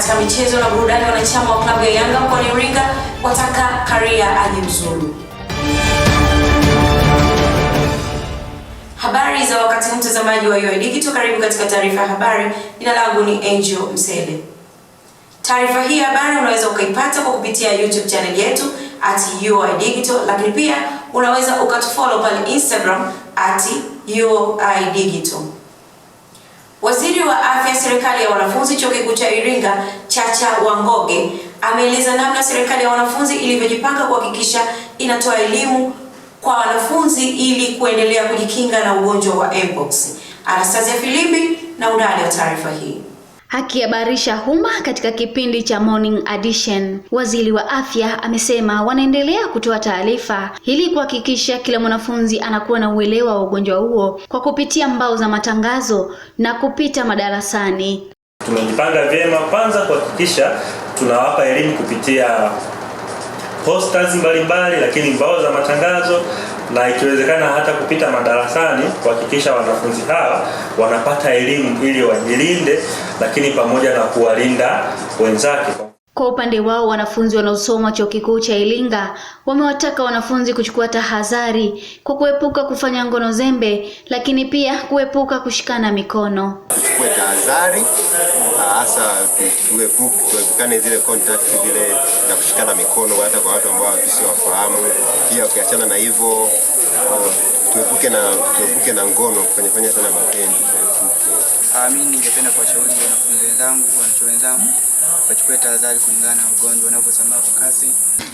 Katika michezo na burudani, wanachama wa klabu ya Yanga mkoani Iringa wataka Karia ajiuzulu. Habari za wakati huu, mtazamaji wa UoI e Digital, karibu katika taarifa ya habari. Jina langu ni Angel Msele. Taarifa hii habari unaweza ukaipata kwa kupitia YouTube channel yetu at UoI e Digital, lakini pia unaweza ukatufollow pale Instagram at UoI e Digital. Waziri wa Afya serikali ya wanafunzi Chuo Kikuu cha Iringa Chacha Wangoge ameeleza namna serikali ya wanafunzi ilivyojipanga kuhakikisha inatoa elimu kwa wanafunzi ili kuendelea kujikinga na ugonjwa wa Mpox. Anastasia Filimbi na undani wa taarifa hii. Akihabarisha umma katika kipindi cha Morning Edition, waziri wa afya amesema wanaendelea kutoa taarifa ili kuhakikisha kila mwanafunzi anakuwa na uelewa wa ugonjwa huo kwa kupitia mbao za matangazo na kupita madarasani. Tumejipanga vyema, kwanza kuhakikisha tunawapa elimu kupitia posters mbalimbali, lakini mbao za matangazo na ikiwezekana hata kupita madarasani kuhakikisha wanafunzi hawa wanapata elimu ili wajilinde, lakini pamoja na kuwalinda wenzake. Kwa upande wao wanafunzi wanaosoma Chuo Kikuu cha Iringa wamewataka wanafunzi kuchukua tahadhari kwa kuepuka kufanya ngono zembe, lakini pia kuepuka kushikana mikono. Tuchukue tahadhari hasa, tuepukane zile contact zile za kushikana mikono, hata kwa watu ambao tusiwafahamu. Pia ukiachana na hivyo, tuepuke na tuepuke na ngono kufanyafanya sana mapenzi. Ninachoamini, ningependa kuwashauri wanafunzi wenzangu, wanachuo wenzangu wachukue tahadhari kulingana na ugonjwa unavyosambaa kwa kasi.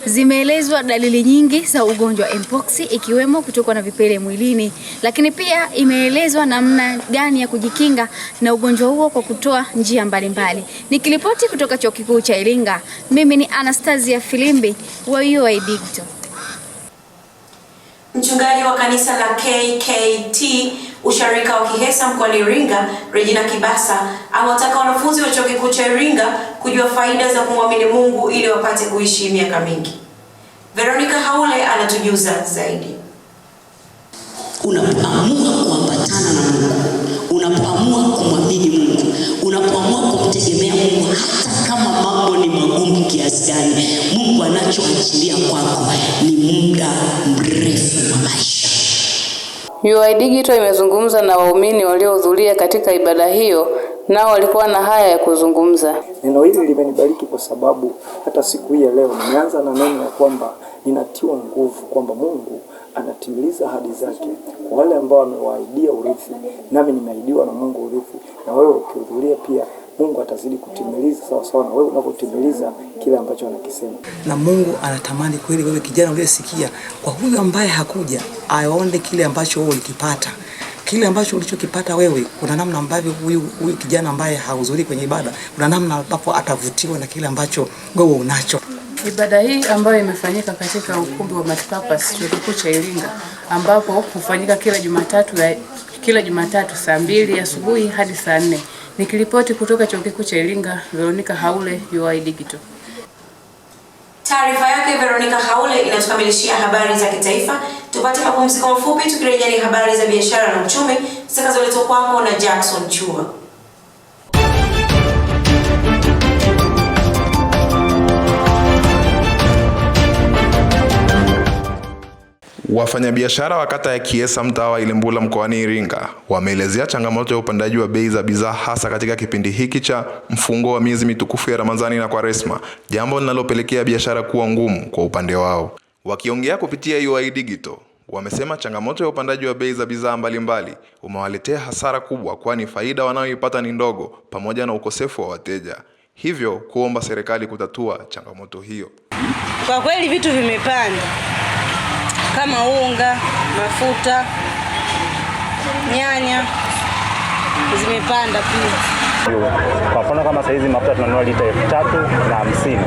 Zimeelezwa dalili nyingi za ugonjwa wa mpox ikiwemo kutokwa na vipele mwilini, lakini pia imeelezwa namna gani ya kujikinga na ugonjwa huo kwa kutoa njia mbalimbali. Nikiripoti kutoka Chuo Kikuu cha Iringa, mimi ni Anastasia Filimbi wa UoI Digital. Mchungaji wa kanisa la KKT Usharika wa Kihesa mkoani Iringa, Regina Kibasa amewataka wanafunzi wa Chuo Kikuu cha Iringa kujua faida za kumwamini Mungu ili wapate kuishi miaka mingi. Veronica Haule anatujuza zaidi. Unapoamua kuambatana na Mungu, unapoamua kumwamini Mungu, unapoamua kumtegemea Mungu, hata kama mambo ni magumu kiasi gani, Mungu anachoachilia kwako ni muda mrefu wa maisha. UoI Digital imezungumza na waumini waliohudhuria katika ibada hiyo, nao walikuwa na haya ya kuzungumza. Neno hili limenibariki kwa sababu hata siku hii ya leo nimeanza na neno ya kwamba ninatiwa nguvu kwamba Mungu anatimiliza ahadi zake kwa wale ambao amewaahidia urithi, nami nimeahidiwa na Mungu urithi, na wewe ukihudhuria pia Mungu atazidi kutimiliza sawa sawa na wewe unavyotimiliza kile ambacho anakisema. Na Mungu anatamani kweli wewe kijana uliyesikia, kwa huyu ambaye hakuja, aone kile ambacho wewe ulikipata kile ambacho ulichokipata wewe, kuna namna ambavyo huyu huyu kijana ambaye hahudhuri kwenye ibada, kuna namna ambapo atavutiwa na kile ambacho wewe unacho. Ibada hii ambayo imefanyika katika ukumbi wa Matipapa Chuo Kikuu cha Iringa, ambapo hufanyika kila Jumatatu kila Jumatatu saa mbili asubuhi hadi saa nne. Nikiripoti kutoka Chuo Kikuu cha Iringa, Veronica Haule, UoI Digital. Taarifa yake Veronica Haule inatukamilishia habari za kitaifa. Tupate mapumziko mafupi, tukirejea ni habari za biashara na uchumi zitakazoletwa kwako na Jackson Chua. Wafanyabiashara wa kata ya Kiesa mtaa wa Ilembula mkoani Iringa wameelezea changamoto ya upandaji wa bei za bidhaa hasa katika kipindi hiki cha mfungo wa miezi mitukufu ya Ramadhani na Kwaresma, jambo linalopelekea biashara kuwa ngumu kwa upande wao. Wakiongea kupitia UoI Digital, wamesema changamoto ya upandaji wa bei za bidhaa mbalimbali umewaletea hasara kubwa, kwani faida wanayoipata ni ndogo pamoja na ukosefu wa wateja, hivyo kuomba serikali kutatua changamoto hiyo. Kwa kweli vitu vimepanda kama unga, mafuta, nyanya zimepanda pia. Kwa mfano kama saizi mafuta tunanunua lita elfu tatu na hamsini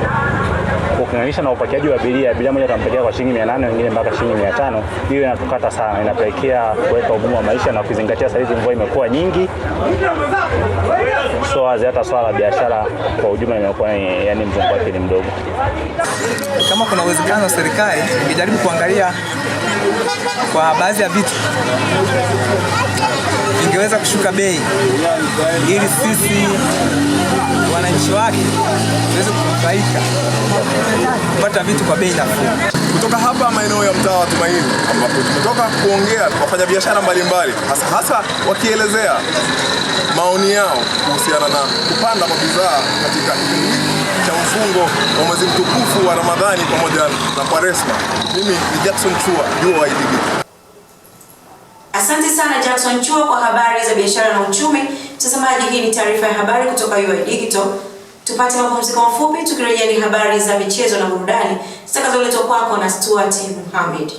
ukilinganisha na upakiaji wa abiria, abiria moja atampakia kwa shilingi 800 wengine mpaka shilingi 500. Hiyo inatukata sana, inapelekea kuweka ugumu wa maisha na kuzingatia sahizi mvua imekuwa nyingi, so hata swala la biashara kwa ujumla imekuwa yani, mzunguko wake ni mdogo. Kama kuna uwezekano serikali ijaribu kuangalia kwa baadhi ya vitu ingeweza kushuka bei ili sisi wananchi wake tuweze kunufaika kupata vitu kwa bei nafuu. Kutoka hapa maeneo ya mtaa wa Tumaini ambapo tumetoka kuongea wafanyabiashara mbalimbali, hasa hasa wakielezea maoni yao kuhusiana na kupanda kwa bidhaa katika cha mfungo wa mwezi mtukufu wa Ramadhani pamoja na Kwaresma. Mimi ni Jackson Chua, Jua Asante sana Jackson Chua kwa habari za biashara na uchumi. Mtazamaji, hii ni taarifa ya habari kutoka UoI Digital. Tupate mapumziko mafupi, tukirejea ni habari za michezo na burudani zitakazoletwa kwako na Stuart Muhammad.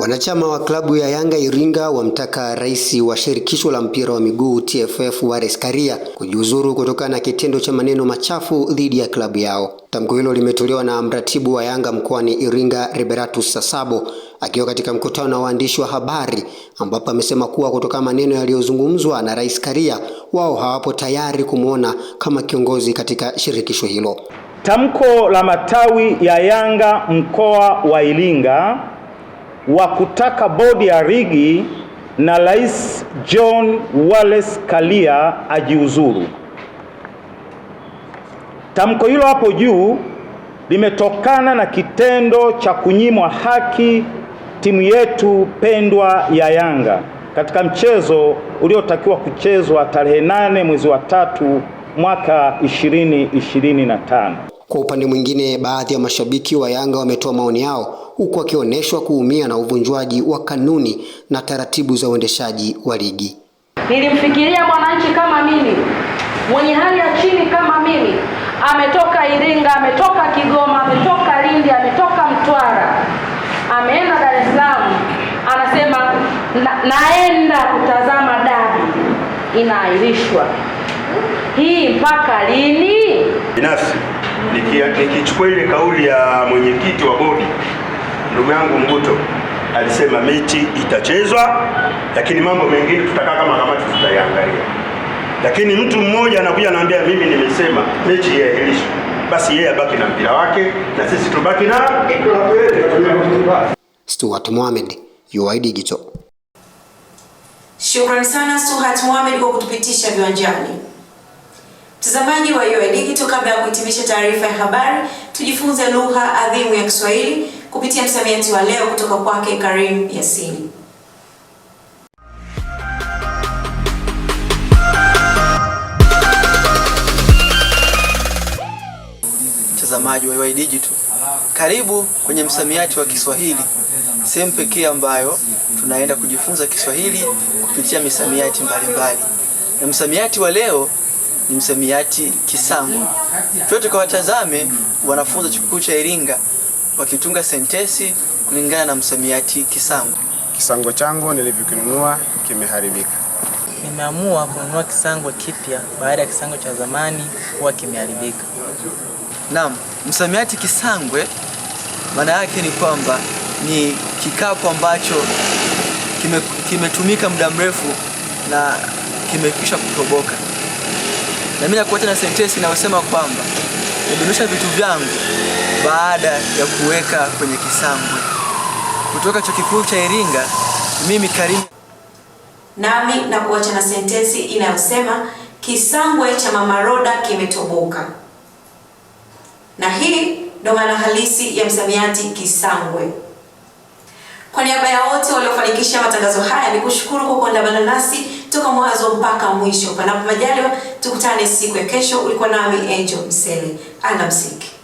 Wanachama wa klabu ya Yanga Iringa wamtaka rais wa shirikisho la mpira wa miguu TFF Wallace Karia kujiuzuru kutokana na kitendo cha maneno machafu dhidi ya klabu yao. Tamko hilo limetolewa na mratibu wa Yanga mkoani Iringa Liberatus Sasabo akiwa katika mkutano na waandishi wa habari, ambapo amesema kuwa kutokana maneno yaliyozungumzwa na rais Karia, wao hawapo tayari kumwona kama kiongozi katika shirikisho hilo. Tamko la matawi ya Yanga mkoa wa Iringa wa kutaka bodi ya ligi na Rais John Wallace kalia ajiuzuru. Tamko hilo hapo juu limetokana na kitendo cha kunyimwa haki timu yetu pendwa ya Yanga katika mchezo uliotakiwa kuchezwa tarehe nane mwezi wa tatu mwaka 2025. Kwa upande mwingine, baadhi ya mashabiki wa Yanga wametoa maoni yao huku wakionyeshwa kuumia na uvunjwaji wa kanuni na taratibu za uendeshaji wa ligi. Nilimfikiria mwananchi kama mimi mwenye hali ya chini kama mimi, ametoka Iringa, ametoka Kigoma, ametoka Lindi, ametoka Mtwara, ameenda Dar es Salaam, anasema na, naenda kutazama dabi, inaahirishwa hii mpaka lini? Binafsi nikichukua ile kauli ya mwenyekiti wa bodi ndugu yangu Mguto alisema mechi itachezwa, lakini mambo mengine tutakaa kama kamati tutaiangalia. Lakini mtu mmoja anakuja anaambia mimi nimesema mechi iahirishwe, basi yeye abaki na mpira wake na sisi tubaki na Stuart Mohamed, UoI Digital. Shukrani sana Stuart Mohamed kwa kutupitisha viwanjani. Mtazamaji wa UoI Digital, kabla ya kuhitimisha taarifa ya habari, tujifunze lugha adhimu ya Kiswahili kupitia msamiati wa leo kutoka kwake Karim Yasini. Mtazamaji wa UoI Digital, karibu kwenye msamiati wa Kiswahili, sehemu pekee ambayo tunaenda kujifunza Kiswahili kupitia misamiati mbalimbali, na msamiati wa leo msamiati Kisangwa. Tuo tukawatazame wanafunzi wa chuo kikuu cha Iringa wakitunga sentesi kulingana na msamiati Kisangwa. Kisango changu nilivyokinunua kimeharibika. Nimeamua kununua kisango kipya baada ya kisango cha zamani kuwa kimeharibika. Naam, msamiati Kisangwe maana yake ni kwamba ni kikapu ambacho kimetumika kime muda mrefu na kimekwisha kutoboka na mimi nakuacha na sentensi inayosema kwamba nidumisha vitu vyangu baada ya kuweka kwenye kisambwe. Kutoka chuo kikuu cha Iringa, mimi Karim. Nami nakuacha na sentensi inayosema kisambwe cha Mama Roda kimetoboka. Na hii ndo maana halisi ya msamiati kisambwe. Kwa niaba ya wote waliofanikisha matangazo haya, ni kushukuru kwa kuandamana nasi toka mwanzo mpaka mwisho. Panapo majaliwa, tukutane siku ya kesho. Ulikuwa nami Angel Msele, alamsiki.